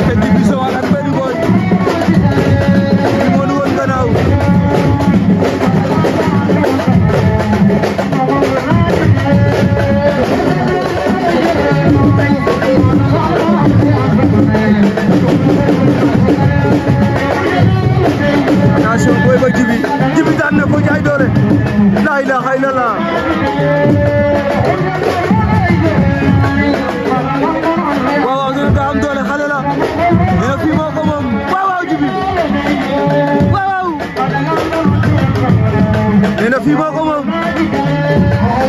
attention booy ba jibi jibi daan na ko jaay doole la ilaha illallah nee fii moo ko moom waaw waaw jibi waaw waaw nee na fii moo ko moom